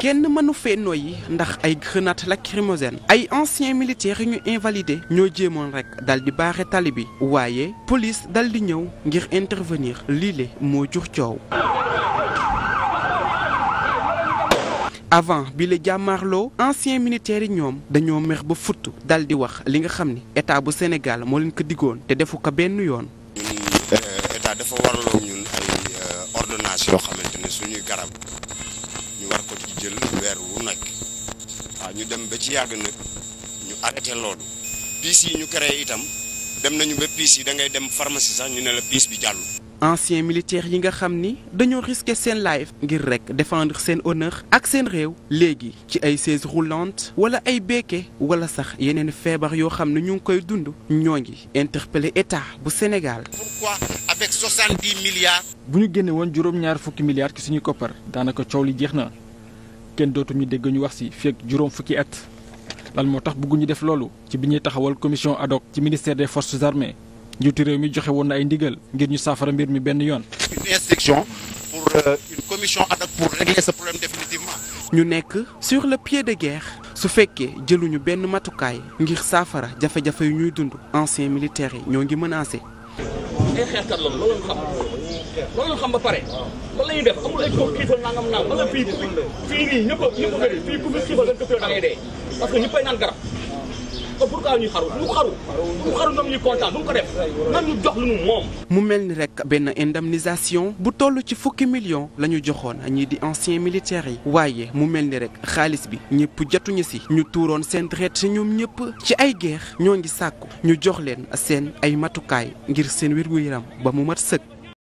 kenn mënu fee noyyi ndax ay grenade lacrymogène ay anciens militaires yu ñu invalidé ñoo jéemoon rekk dal di baaxe tali bi waaye police dal di ñëw ngir intervenir liile moo jur coow. avant bile la jàmmaarloo anciens militaires yi ñoom dañoo mer ba futt dal di wax li nga xam ni état bu Sénégal moo leen ko diggoon te defu ko benn yoon. garab ñu war ko ci jël weer wu nekk ñu dem ba ci yàgg nag ñu arrêté loolu piis yi ñu créé itam dem nañu ba piis yi da ngay dem pharmacie sax ñu ne la piis bi jàll anciens militaires yi nga xam ni dañoo risqué seen life ngir rekk défendre seen honneur ak seen réew léegi ci ay chaise roulante wala ay béquet wala sax yeneen feebar yoo xam ne ñu ngi koy dund ñoo ngi interpellé état bu Sénégal. pourquoi avec 70 milliards. bu ñu génne woon juróom-ñaar fukki milliards ci suñu koppar daanaka coow li jeex na kenn dootuñu dégg ñu wax ci fekk juróom fukki at lan moo tax bëgguñu def loolu ci bi ñuy taxawal commission ad hoc ci ministère des forces armées. njiitu réew mi joxe woon na ay ndigal ngir ñu saafara mbir mi benn yoon. une instruction pour euh, une commission ad hoc pour régler ce problème définitivement. ñu nekk sur le pied de su fekkee jëluñu benn matukaay ngir saafara jafe-jafe yu ñuy dund anciens militaires yi ñoo ngi menacé. ay xeexkat la loolu xam loolu fii fii nii ñëpp a ñëpp a bëri fii ku fi xiifal dañ ko fee da ngay naan garab. pourquoi mu mel ni rek benn indemnisation bu toll ci fukki millions lañu joxoon a ñii di anciens militaires yi waaye mu mel ni rek xaalis bi ñëpp jotuñu si ñu tuuroon seen traite si ñoom ñëpp ci ay geex ñoo ngi sàkku ñu jox leen seen ay matukaay ngir seen wér yaram ba mu mat sëkk.